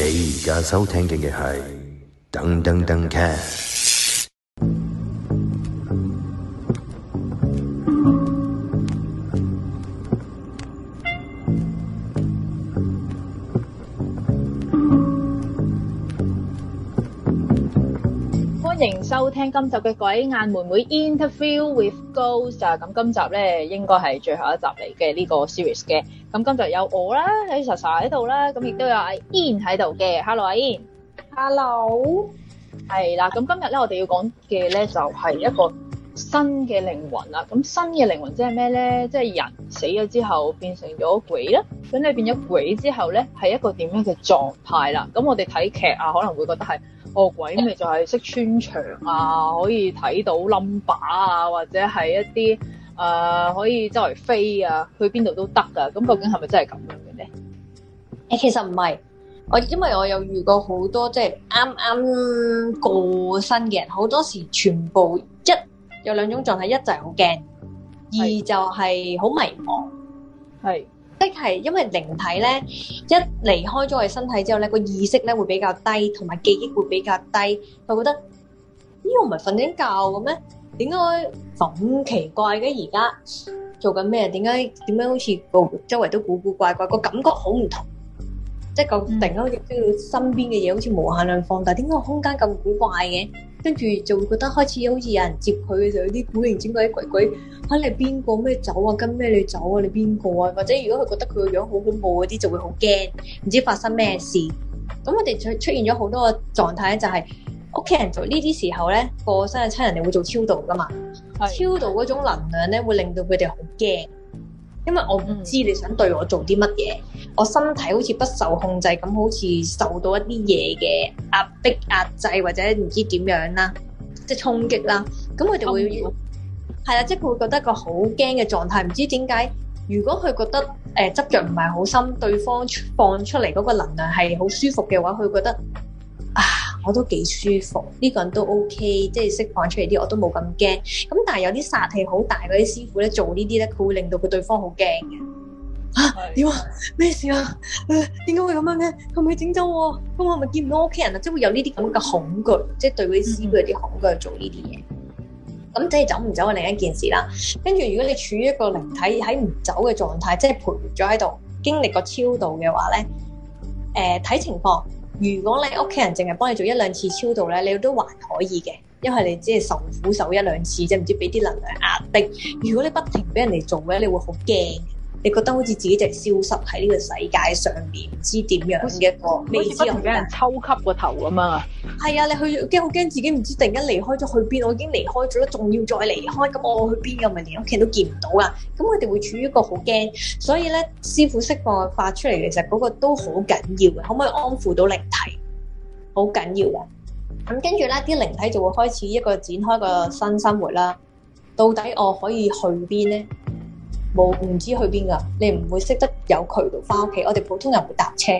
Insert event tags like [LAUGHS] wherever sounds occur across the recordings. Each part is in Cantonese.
你而家收聽嘅係《噔噔噔卡》。今集嘅鬼眼妹妹 interview with ghosts 啊，咁今集咧應該係最後一集嚟嘅呢個 series 嘅。咁今集有我啦，喺查查喺度啦，咁亦都有阿 In 喺度嘅。Hello，阿 In。Hello。係啦，咁今日咧我哋要講嘅咧就係一個新嘅靈魂啦。咁新嘅靈魂即係咩咧？即係人死咗之後變成咗鬼啦。咁你變咗鬼之後咧係一個點樣嘅狀態啦？咁我哋睇劇啊可能會覺得係。哦，鬼咪就係識穿牆啊，可以睇到冧把啊，或者係一啲誒可以周圍飛啊，去邊度都得噶。咁究竟係咪真係咁樣嘅咧？誒，其實唔係，我因為我有遇過好多即係啱啱過身嘅人，好多時全部一有兩種狀態，一就係好驚，二就係好迷茫，係。即係因為靈體咧，一離開咗我嘅身體之後咧，個意識咧會比較低，同埋記憶會比較低。我覺得呢個唔係瞓緊覺嘅咩？點解咁奇怪嘅？而家做緊咩？點解點解，好似周圍都古古怪怪，個感覺好唔同，即係個突然間好似身邊嘅嘢好似無限量放大，點解個空間咁古怪嘅？跟住就會覺得開始好似有人接佢嘅時候就有啲古靈精怪鬼鬼，睇你邊個咩走啊？跟咩你走啊？你邊個啊？或者如果佢覺得佢個樣好恐怖嗰啲就會好驚，唔知發生咩事。咁我哋出出現咗好多個狀態咧，就係屋企人做呢啲時候咧，個生日親人哋會做超度噶嘛，的超度嗰種能量咧會令到佢哋好驚。因為我唔知你想對我做啲乜嘢，嗯、我身體好似不受控制咁，好似受到一啲嘢嘅壓迫，壓制或者唔知點樣啦，即係衝擊啦，咁佢擊就會係啦，即係佢會覺得一個好驚嘅狀態，唔知點解。如果佢覺得誒執、呃、着唔係好深，對方放出嚟嗰個能量係好舒服嘅話，佢會覺得啊，我都幾舒服，呢、這個人都 OK，即係釋放出嚟啲我都冇咁驚。咁但係有啲殺氣好大嗰啲師傅咧，做呢啲咧，佢會令到佢對方好驚嘅。對啊，點啊？咩事啊？點、呃、解會咁樣嘅？佢唔係整走喎。咁我咪見唔到屋、OK、企人啊！即係會有呢啲咁嘅恐懼，嗯、即係對嗰啲師傅有啲恐懼，做呢啲嘢。咁即係走唔走係另一件事啦。跟住如果你處於一個靈體喺唔走嘅狀態，即係徘徊咗喺度經歷過超度嘅話咧，誒、呃、睇情況。如果你屋企人淨係幫你做一兩次超度咧，你都還可以嘅，因為你只係受苦受一兩次，即唔知俾啲能量壓迫。如果你不停俾人嚟做，你會好驚。你覺得好似自己就係消失喺呢個世界上面，唔知點樣嘅一個，好似像俾人抽吸個頭咁樣啊！係啊，你去驚好驚，自己唔知突然間離開咗去邊？我已經離開咗，仲要再離開咁，我去邊？咁咪連屋企都見唔到啊！咁佢哋會處於一個好驚，所以咧師傅釋放佢發出嚟，其實嗰個都好緊要嘅，可唔可以安撫到靈體？好緊要嘅。咁跟住咧，啲靈體就會開始一個展開個新生活啦。到底我可以去邊咧？冇，唔知去邊噶，你唔會識得有渠道翻屋企。我哋普通人會搭車，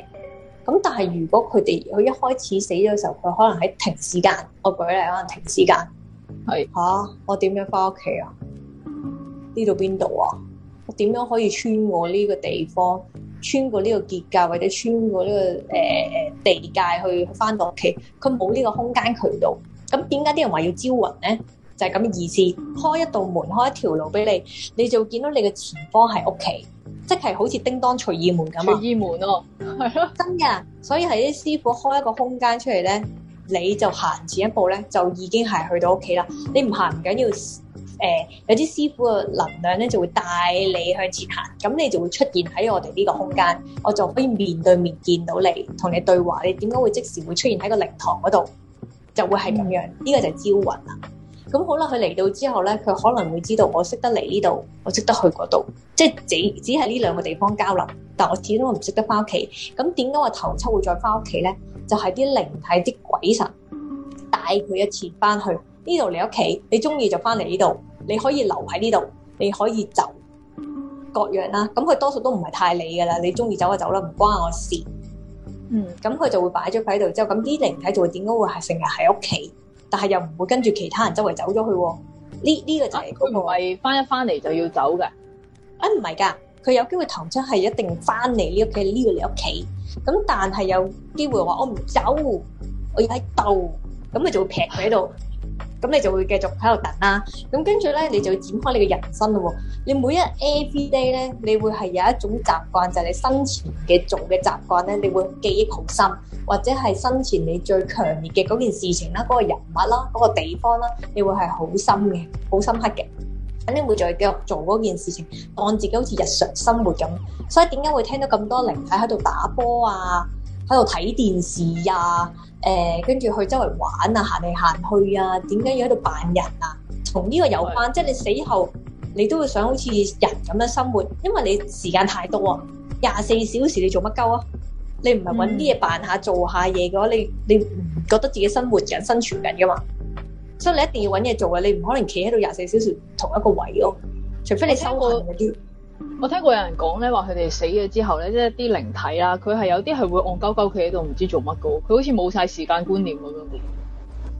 咁但係如果佢哋佢一開始死咗嘅時候，佢可能喺停屍間。我舉例可能停屍間，係吓我點樣翻屋企啊？呢度邊度啊？我點樣可以穿過呢個地方，穿過呢個結界或者穿過呢個誒誒地界去翻到屋企？佢冇呢個空間渠道，咁點解啲人話要招魂咧？就係咁嘅意思，開一道門，開一條路俾你，你就見到你嘅前方係屋企，即係好似叮噹隨意門咁啊！隨意門咯，哦，係咯， [LAUGHS] 真嘅。所以喺啲師傅開一個空間出嚟咧，你就行前一步咧，就已經係去到屋企啦。你唔行唔緊要，誒、呃，有啲師傅嘅能量咧就會帶你向前行，咁你就會出現喺我哋呢個空間，我就可以面對面見到你，同你對話。你點解會即時會出現喺個靈堂嗰度，就會係咁樣？呢、呢個就係招魂啦。咁好啦，佢嚟到之後咧，佢可能會知道我識得嚟呢度，我識得去嗰度，即係只只係呢兩個地方交流。但我始終我唔識得翻屋企，咁點解我頭七會再翻屋企咧？就係啲靈體、啲鬼神帶佢一次翻去呢度嚟屋企，你中意就翻嚟呢度，你可以留喺呢度，你可以走，各樣啦。咁佢多數都唔係太理噶啦，你中意走就走啦，唔關我事。嗯，咁佢就會擺咗佢喺度之後，咁啲靈體就會點解會係成日喺屋企？但係又唔會跟住其他人周圍走咗去、哦，呢、這、呢、個這個就係佢唔係翻一翻嚟就要走㗎。哎、啊，唔係噶，佢有機會逃出係一定翻嚟呢屋企，呢、這個你屋企。咁但係有機會話我唔走，我要喺度，咁佢就會劈佢喺度。 [LAUGHS] 咁你就會繼續喺度等啦、啊。咁跟住咧，你就會展開你嘅人生咯、啊、喎。你每一 every day 咧，你會係有一種習慣，就係、是、你生前嘅做嘅習慣咧，你會記憶好深，或者係生前你最強烈嘅嗰件事情啦，嗰、那個人物啦、啊，嗰、那個地方啦、啊，你會係好深嘅，好深刻嘅。肯定會再繼續做嗰件事情，當自己好似日常生活咁。所以點解會聽到咁多靈體喺度打波啊？喺度睇電視呀、啊，誒、呃，跟住去周圍玩啊，行嚟行去啊，點解要喺度扮人啊？同呢個有關，的即係你死後，你都會想好似人咁樣生活，因為你時間太多啊，廿四小時你做乜鳩啊？你唔係揾啲嘢扮下做下嘢嘅話，你你唔覺得自己生活緊、生存緊嘅嘛？所以你一定要揾嘢做嘅、啊，你唔可能企喺度廿四小時同一個位咯、啊，除非你生活。我聽過有人講咧，話佢哋死咗之後咧，即係啲靈體啦，佢係有啲係會戇鳩鳩企喺度，唔知做乜嘅。佢好似冇晒時間觀念咁樣嘅、嗯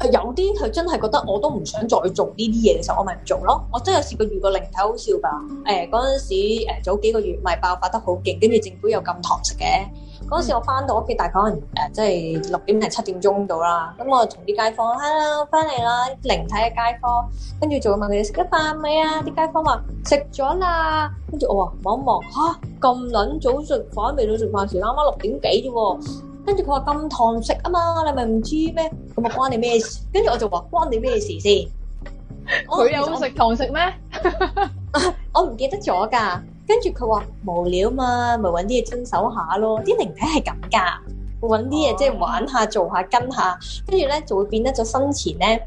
呃。有啲佢真係覺得，我都唔想再做呢啲嘢嘅時候，我咪唔做咯。我真係有試過遇過靈體好笑㗎。誒嗰陣時、呃、早幾個月咪爆發得好勁，跟住政府又禁堂食嘅。嗰時我翻到屋企，大概可能誒，即係六點定七點鐘到啦。咁我同啲街坊 hello 翻嚟啦，靈體嘅街坊，跟住就問佢哋食咗飯未啊？啲街坊話食咗啦。跟住我話望一望吓，咁撚早食飯未？到食飯時啱啱六點幾啫喎。跟住佢話咁堂食啊嘛，你咪唔知咩？咁啊，關你咩事？跟住我就話關你咩事先？佢有食堂食咩？我唔記得咗㗎。跟住佢話無聊嘛，咪揾啲嘢親手下咯。啲靈體係咁噶，揾啲嘢即係玩下、做下、跟下，跟住咧就會變得咗生前咧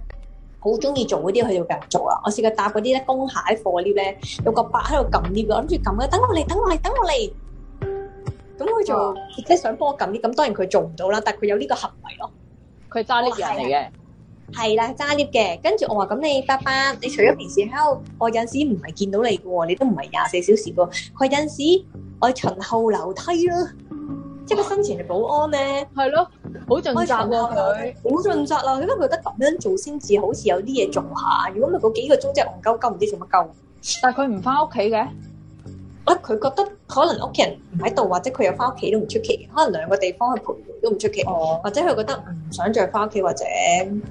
好中意做嗰啲，佢就繼續做啦。我試過搭嗰啲咧工蟹貨 lift 咧，有個伯喺度撳 lift 嘅，哦、我諗住撳嘅，等我嚟，等我嚟，等我嚟。咁佢就即係想幫我撳 lift，咁當然佢做唔到啦，但係佢有呢個行為咯。佢揸 lift 人嚟嘅。哦係啦，揸 lift 嘅。跟住我話咁，你爸爸，你除咗平時喺度，我有陣時唔係見到你嘅喎，你都唔係廿四小時嘅喎。佢有陣時，我巡後樓梯咯，即係佢生前係保安咧。係咯、啊， [NOISE] 好盡責喎佢，好盡責啊！佢覺得咁樣做先至好似有啲嘢做下。如果唔係嗰幾個鐘即係戇鳩鳩，唔知做乜鳩。但係佢唔翻屋企嘅。我佢覺得可能屋企人唔喺度，或者佢又翻屋企都唔出奇，可能兩個地方去徘徊都唔出奇，或者佢覺得唔想再翻屋企，或者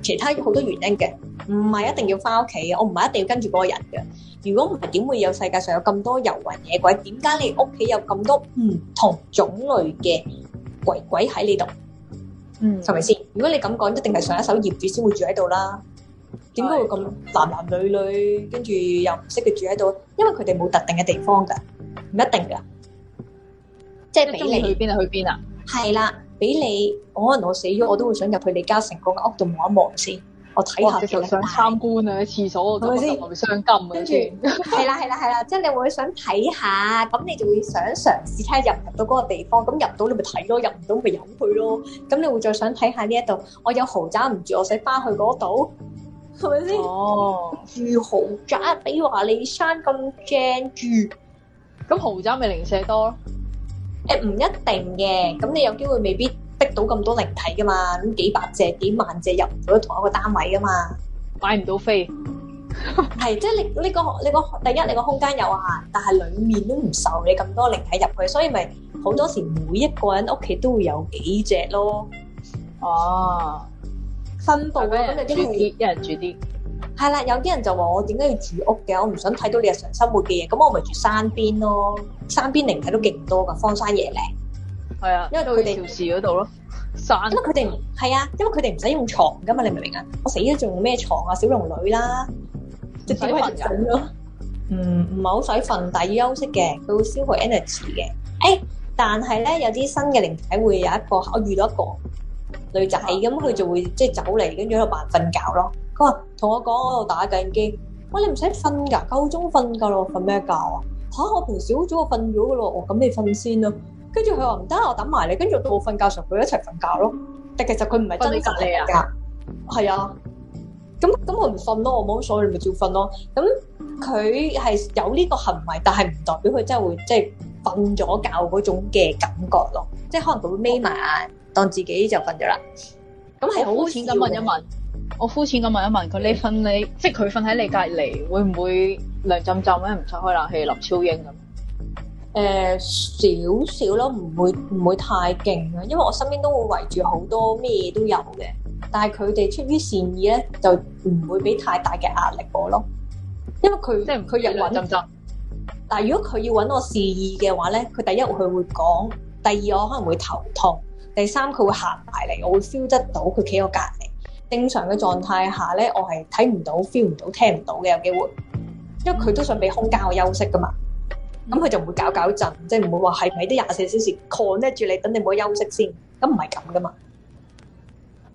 其他好多原因嘅，唔係一定要翻屋企嘅，我唔係一定要跟住嗰個人嘅。如果唔係，點會有世界上有咁多遊魂野鬼？點解你屋企有咁多唔同種類嘅鬼鬼喺呢度？嗯，係咪先？如果你咁講，一定係上一手業主先會住喺度啦。點解會咁男男女女跟住又唔識佢住喺度？因為佢哋冇特定嘅地方㗎。唔一定噶，即係俾你去邊啊？去邊啊？係啦，俾你，我可能我死咗，我都會想入去李嘉誠嗰間屋度望一望先，我睇下就想參觀啊！廁所我都想，我咪鑲金嘅先。係啦係啦係啦，即係你會想睇下，咁你就會想嘗試睇下入唔入到嗰個地方。咁入到你咪睇咯，入唔到咪入去咯。咁你會再想睇下呢一度，我有豪宅唔住，我使翻去嗰度，係咪先？哦，住豪宅比華利山咁正住。咁豪宅咪零舍多咯？誒，唔一定嘅，咁你有機會未必逼到咁多靈體噶嘛？咁幾百隻、幾萬隻入唔到同一個單位噶嘛？買唔到飛。係，即係你呢個呢個第一，你個空間有限，但係裡面都唔受你咁多靈體入去，所以咪好多時每一個人屋企都會有幾隻咯。哦，分布嘅，一人住啲。係啦，有啲人就話，我點解要住屋嘅？我唔想睇到你日常生活嘅嘢，咁我咪住山邊咯。山邊靈體都勁多噶，荒山野嶺。係啊，因為佢哋朝市嗰度咯。山。因為佢哋係啊，因為佢哋唔使用床噶嘛，你明唔明啊？我死咗仲用咩床啊？小龍女啦，就洗瞓緊咯。唔唔係好使瞓，但要休息嘅，佢會消耗 energy 嘅。誒、欸，但係咧有啲新嘅靈體會有一個，我遇到一個女仔咁，佢、嗯、就會即係走嚟，跟住喺度扮瞓覺咯。佢同我講，我喺度打緊機。喂，你唔使瞓㗎，夠鐘瞓㗎啦，我瞓咩覺啊？嚇、啊！我平時好早就瞓咗㗎咯。咁你瞓先啦、啊。跟住佢話唔得，我等埋你。跟住到我瞓覺時，佢一齊瞓覺咯。但其實佢唔係真係瞓覺。係啊。咁咁我唔瞓咯，我冇所謂，你咪照瞓咯。咁佢係有呢個行為，但係唔代表佢真係會即係瞓咗覺嗰種嘅感覺咯。即係可能佢會眯埋眼，當自己就瞓咗啦。咁係、嗯、好淺咁問一問。我膚淺咁問一問佢，你瞓你即係佢瞓喺你隔籬，會唔會涼浸浸咧？唔使開冷氣，林超英咁誒，少少咯，唔會唔會太勁啊。因為我身邊都會圍住好多咩嘢都有嘅，但係佢哋出於善意咧，就唔會俾太大嘅壓力我咯。因為佢即係佢人涼浸浸，但係如果佢要搵我示意嘅話咧，佢第一佢會講，第二我可能會頭痛，第三佢會行埋嚟，我會 feel 得到佢企我隔籬。正常嘅狀態下咧，我係睇唔到、feel 唔到、聽唔到嘅有機會，因為佢都想俾空間我休息，噶嘛。咁佢、嗯、就唔會搞搞震，即係唔會話係咪啲廿四小時 control 住你，等你冇休息先。咁唔係咁噶嘛。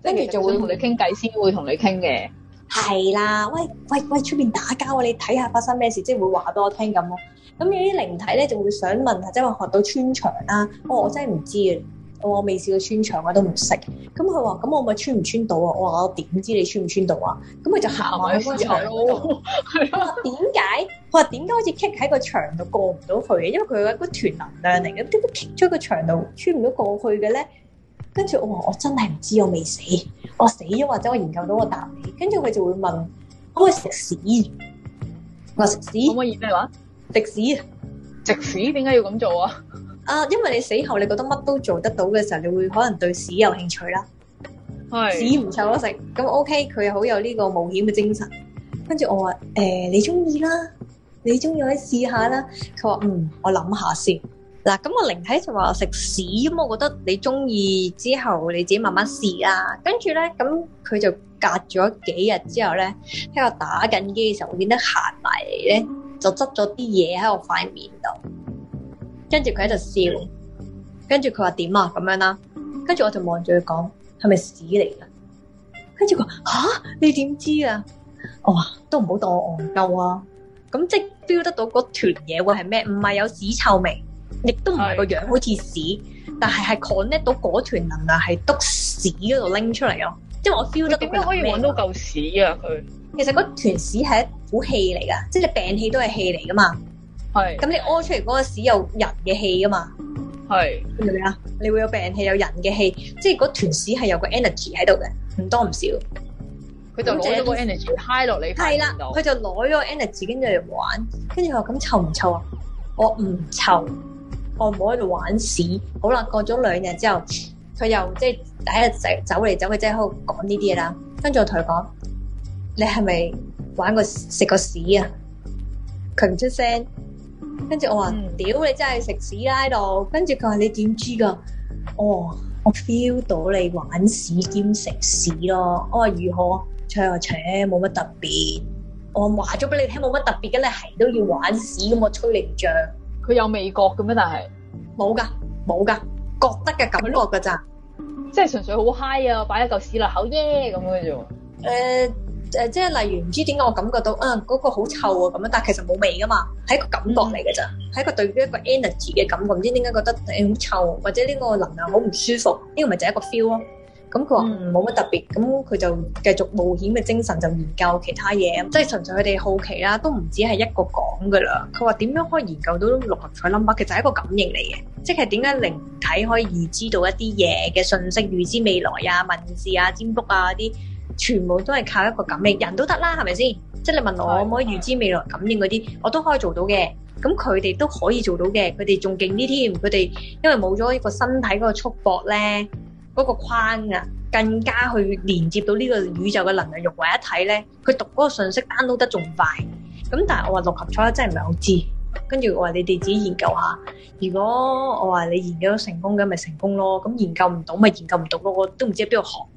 跟住、嗯、就會同你傾偈先，會同你傾嘅。係啦，喂喂喂，出邊打交啊？你睇下發生咩事，即、就、係、係、會話俾我聽咁、啊、咯。咁有啲靈體咧，就會想問下，即係話學到穿牆啦。哦，我真係唔知啊。嗯我未試過穿牆，我都唔識。咁佢話：咁我咪穿唔穿到啊？我話：我點知你穿唔穿到啊？咁佢就行埋去棺材咯。係啊。點解？我話點解好似 kick 喺個牆度過唔到去嘅？因為佢係一個團能量嚟嘅，點解 kick 咗個牆度穿唔到過去嘅咧？跟住我話：我真係唔知，我未死。我死咗或者我研究到我答你。跟住佢就會問：可唔可以，屎屎可以食屎？我食屎可唔可以咩話？食屎，食屎點解要咁做啊？ [LAUGHS] 啊，因為你死後你覺得乜都做得到嘅時候，你會可能對屎有興趣啦。是屎唔臭得食，咁 OK，佢又好有呢個冒險嘅精神。跟住我話：誒、欸，你中意啦，你中意可以試下啦。佢話：嗯，我諗下先。嗱，咁我靈體就話食屎，因、嗯、為我覺得你中意之後，你自己慢慢試啦。跟住咧，咁佢就隔咗幾日之後咧，喺我打緊機嘅時候，見得行埋嚟咧，就執咗啲嘢喺我塊面度。跟住佢喺度笑，跟住佢話點啊，咁樣啦、啊，跟住我就望住佢講係咪屎嚟噶？跟住佢吓，你點知啊？哦，都唔好當我戇鳩啊！咁、嗯、即係 feel 得到嗰團嘢會係咩？唔係有屎臭味，亦都唔係個樣好似屎，但係係 connect 到嗰團能量係督屎嗰度拎出嚟咯。即係我 feel 得到佢。點解可以搵到嚿屎啊？佢其實嗰團屎係一股氣嚟噶，即係病氣都係氣嚟噶嘛。係，咁、嗯嗯、你屙出嚟嗰個屎有人嘅氣啊嘛，係，跟住你啊？你會有病氣，有人嘅氣，即係嗰團屎係有個 energy 喺度嘅，唔多唔少。佢就攞咗個 energy，high 落你。係啦，佢就攞咗個 energy 跟住嚟玩，跟住佢話咁臭唔臭啊？我唔臭，我唔好喺度玩屎。好啦，過咗兩日之後，佢又即係喺度走嚟走去，即係喺度講呢啲嘢啦。跟住我同佢講：你係咪玩個食個屎啊？佢唔出聲。跟住我話，嗯、屌你真係食屎啦喺度！跟住佢話，你點知噶？哦，我 feel 到你玩屎兼食屎咯！我、哦、話如何？扯就扯，冇乜特別。我話咗俾你聽冇乜特別嘅，你係都要玩屎，咁我吹你唔脹。佢有味覺嘅咩？但係冇噶，冇噶，覺得嘅感覺噶咋、嗯，即係純粹好 high 啊！擺一嚿屎落口啫。咁嘅啫誒。呃誒，即係例如唔知點解我感覺到啊，嗰、那個好臭啊咁樣，但係其實冇味噶嘛，係一個感覺嚟嘅咋，係、嗯、一個對於一個 energy 嘅感覺。唔知點解覺得好臭，或者呢個能量好唔舒服，呢個咪就係一個 feel 咯、啊。咁佢話冇乜特別，咁佢就繼續冒險嘅精神就研究其他嘢，即係、嗯、純粹佢哋好奇啦，都唔止係一個講噶啦。佢話點樣可以研究到六合彩 number，其實就係一個感應嚟嘅，即係點解靈體可以預知到一啲嘢嘅信息，預知未來啊、文字啊、占卜啊嗰啲。全部都係靠一個感應，人都得啦，係咪先？即係你問我可唔可以預知未來感應嗰啲，我都可以做到嘅。咁佢哋都可以做到嘅，佢哋仲勁啲添。佢哋因為冇咗一個身體嗰個束縛咧，嗰、嗰個框啊，更加去連接到呢個宇宙嘅能量融為一體咧。佢讀嗰個信息 download 仲快。咁但係我話六合彩真係唔係好知，跟住我話你哋自己研究下。如果我話你研究成功嘅咪成功咯，咁研究唔到咪研究唔到咯。我都唔知喺邊度學。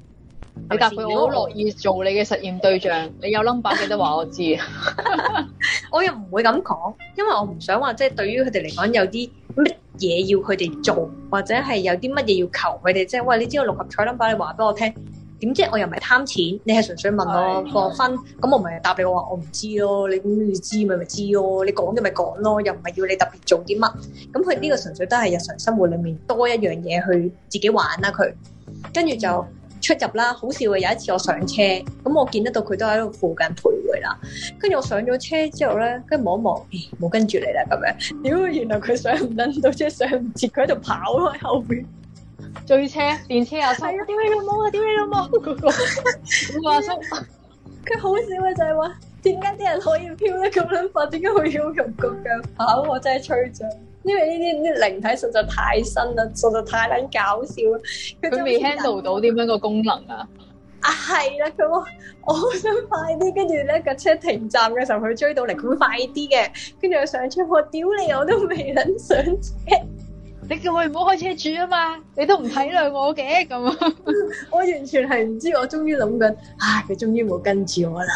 你答佢，好樂意做你嘅實驗對象。嗯、你有 number 記得話我知啊。我又唔會咁講，因為我唔想話即係對於佢哋嚟講有啲乜嘢要佢哋做，或者係有啲乜嘢要求佢哋，即係喂，你知道我六合彩 number 你話俾我聽，點知我又唔係貪錢，你係純粹問我過分咁，是嗯、我咪答你，我話我唔知咯。你點知咪知咯？你講嘅咪講咯，又唔係要你特別做啲乜咁。佢呢個純粹都係日常生活裏面多一樣嘢去自己玩啦。佢跟住就。嗯嗯出入啦，好笑啊！有一次我上車，咁我見得到佢都喺度附近徘徊啦。跟住我上咗車之後咧，後摸摸哎、跟住望一望，冇跟住你啦，咁樣。屌，原來佢上唔到即係，上唔切，佢喺度跑喺後邊追車，電車又塞。屌你老母啊！屌 [LAUGHS] 你老母、啊！我話叔，佢好笑嘅就係話，點解啲人可以飄得咁捻快？點解可以用腳腳跑？我真係吹咗。因為呢啲啲靈體實在太新啦，實在太捻搞笑啦。佢未 handle 到點樣個功能啊？啊係啦，咁我好想快啲，跟住咧架車停站嘅時候，佢追到嚟，佢快啲嘅。跟住我上車，我屌你，我都未捻上車。 [LAUGHS] 你叫我唔好開車住啊嘛，你都唔體諒我嘅咁。 [LAUGHS] 我完全係唔知，我終於諗緊，唉，佢終於冇跟住我啦。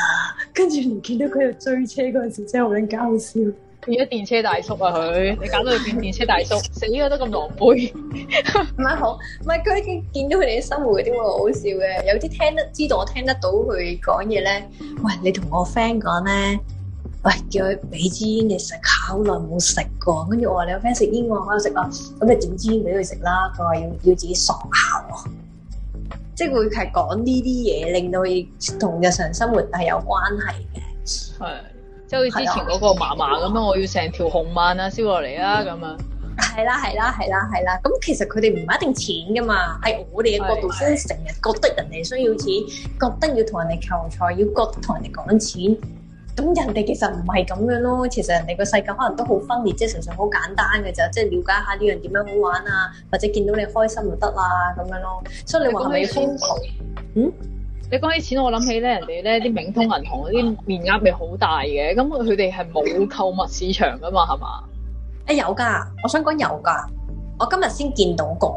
跟住唔見到佢又追車嗰陣時，真係好捻搞笑。變咗電車大叔啊佢，你搞到佢變電車大叔，食 [LAUGHS] 死都咁狼狽。唔係好，唔係佢已經見到佢哋嘅生活，點會好好笑嘅。有啲聽得知道我聽得到佢講嘢咧，喂，你同我 friend 講咧，喂，叫佢俾支煙你食，好耐冇食過。跟住我話你有 friend 食煙，我可以食啊。咁你整支煙俾佢食啦。佢話要要自己爽下喎，即係會係講呢啲嘢，令到佢同日常生活係有關係嘅。係。 [LAUGHS] 即係好似之前嗰個嫲嫲咁樣，啊、我要成條紅蠻啊燒落嚟啊咁啊！係啦係啦係啦係啦！咁、啊啊啊、其實佢哋唔係一定錢㗎嘛，喺我哋嘅角度先成日覺得人哋需要錢，啊啊、覺得要同人哋求財，要覺得同人哋講錢。咁人哋其實唔係咁樣咯，其實人哋個世界可能都好分裂，即係純粹好簡單嘅就即係了解下呢樣點樣好玩啊，或者見到你開心就得啦咁樣咯。所以你話係咪瘋狂嗯？你講起錢，我諗起咧人哋咧啲冥通銀行嗰啲面額咪好大嘅，咁佢哋係冇購物市場噶嘛，係嘛？誒、欸、有噶，我想講有噶，我今日先見到個，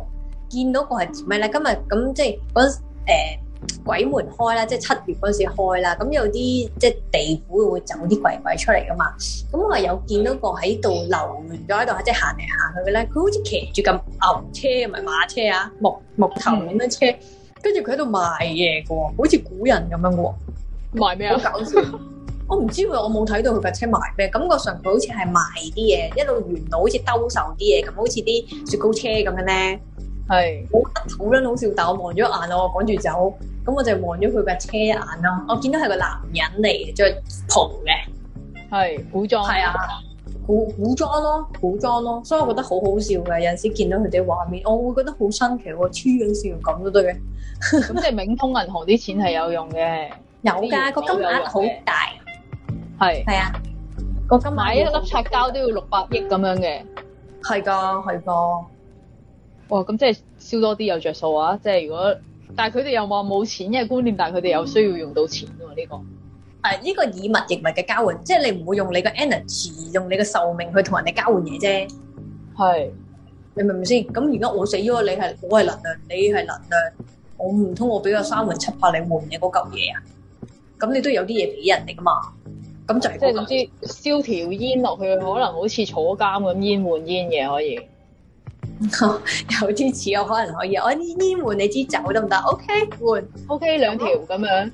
見到個係咩咧？今日咁即係嗰誒鬼門開啦，即係七月嗰時開啦，咁有啲即係地府會走啲鬼鬼出嚟噶嘛，咁我有見到個喺度流連咗喺度，即係行嚟行去嘅咧，佢好似騎住咁牛車唔係馬車啊，木木頭咁嘅、嗯、車。跟住佢喺度賣嘢嘅喎，嗯、好似古人咁樣嘅喎。賣咩啊？好搞笑！ [LAUGHS] 我唔知喎，我冇睇到佢架車賣咩，感覺上佢好似係賣啲嘢，一路沿路好似兜售啲嘢咁，好似啲雪糕車咁樣咧。係是好得醜啦，好笑但我望咗眼咯，我趕住走，咁我就望咗佢架車眼咯。我見到係個男人嚟，嘅，着袍嘅，係古裝，係啊。古古裝咯，古裝咯，所以我覺得好好笑嘅。有陣時見到佢哋畫面，我會覺得好新奇喎、哦，超有笑感都得嘅。咁即係冥通銀行啲錢係有用嘅，有㗎的，個金額好大，係係是啊，個金買一粒擦膠都要六百億咁樣嘅，係㗎，係㗎。哇，咁即係燒多啲有着數啊！即係如果，但係佢哋又話冇錢嘅、就是、觀念，但係佢哋又需要用到錢喎、啊、呢、這個。呢個以物易物嘅交換，即係你唔會用你個 energy，用你個壽命去同人哋交換嘢啫。係是，你明唔明先？咁如果我死咗，你係我係能量，你係能量，我唔通我俾個三魂七魄你換嘢嗰嚿嘢啊？咁你都有啲嘢俾人哋噶嘛？咁就係即係總之燒條煙落去，可能好似坐監咁，煙換煙嘅可以。 [LAUGHS] 有啲似啊，可能可以。我呢煙換你支酒得唔得？OK 換 OK 兩條咁樣。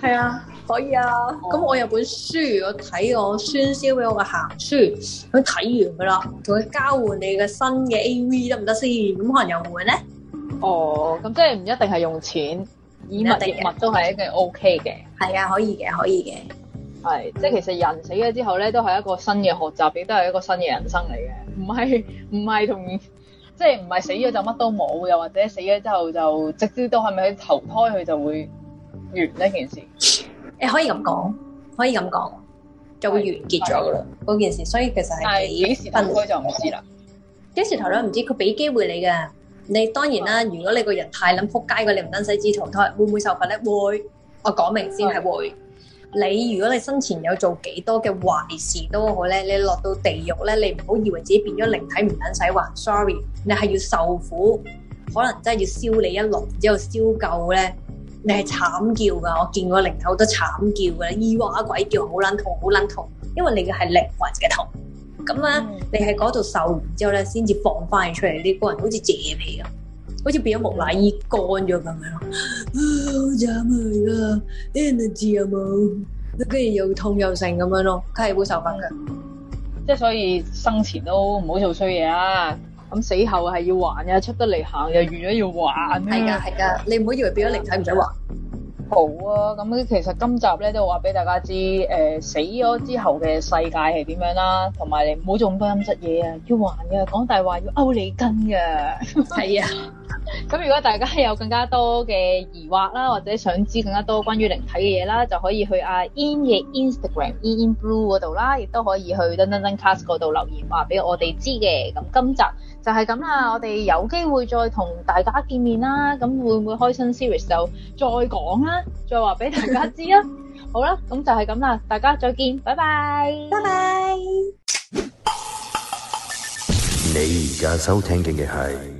係 [LAUGHS] [LAUGHS] [LAUGHS] 是啊。可以啊，咁、哦嗯、我有本書，我睇我宣燒俾我嘅行書，咁睇、嗯、完噶啦，同佢交換你嘅新嘅 A V 得唔得先？咁可唔可以換咧？哦，咁即係唔一定係用錢，以物換物都係一個 O K 嘅。係啊，可以嘅，可以嘅。係，即係其實人死咗之後咧，都係一個新嘅學習，亦都係一個新嘅人生嚟嘅。唔係唔係同即係唔係死咗就乜都冇，又或者死咗之後就直接到係咪去投胎佢就會完呢件事？ [LAUGHS] 你可以咁講，可以咁講，就會完結咗噶啦，嗰件事。所以其實係幾時分開就唔知啦。幾時投胎唔知，佢俾機會你噶。你當然啦，嗯、如果你個人太撚撲街嘅，你唔撚使自投胎，會唔會受罰咧？會，我講明先係的會。你如果你生前有做幾多嘅壞事都好咧，你落到地獄咧，你唔好以為自己變咗靈體唔撚使還。Sorry，你係要受苦，可能真係要燒你一輪然之後燒夠咧。你係慘叫噶，我見過靈體都慘叫嘅，二話、啊、鬼叫，好撚痛，好撚痛，因為你嘅係靈魂嘅痛。咁咧、啊，嗯、你喺嗰度受完之後咧，先至放翻佢出嚟，呢、呢個人好似謝皮咁，好似變咗木乃伊乾咗咁樣咯、啊。好慘啊！Energy 有冇？跟住又痛又成咁樣咯，佢係會受法嘅、嗯。即係所以生前都唔好做衰嘢啊！咁死後係要還嘅，出得嚟行又預咗要還、啊。係噶係噶，你唔好以為變咗靈體唔使還。好啊，咁、嗯、其實今集咧都話俾大家知，誒、呃，死咗之後嘅世界係點樣啦、啊，同埋你唔好做咁多陰質嘢啊，要還嘅，講大話要勾你根嘅，係啊。 [LAUGHS] 咁如果大家有更加多嘅疑惑啦，或者想知更加多關於靈體嘅嘢啦，就可以去阿 In 嘅 Instagram In Blue 嗰度啦，亦 [NOISE] 都可以去噔噔噔 cast 嗰度留言話俾我哋知嘅。咁今集就係咁啦，我哋有機會再同大家見面啦。咁會唔會開新 series 就再講啦，再話俾大家知啦。 [LAUGHS] 好啦，咁就係咁啦，大家再見，拜拜，拜拜 bye。你而家收聽緊嘅係。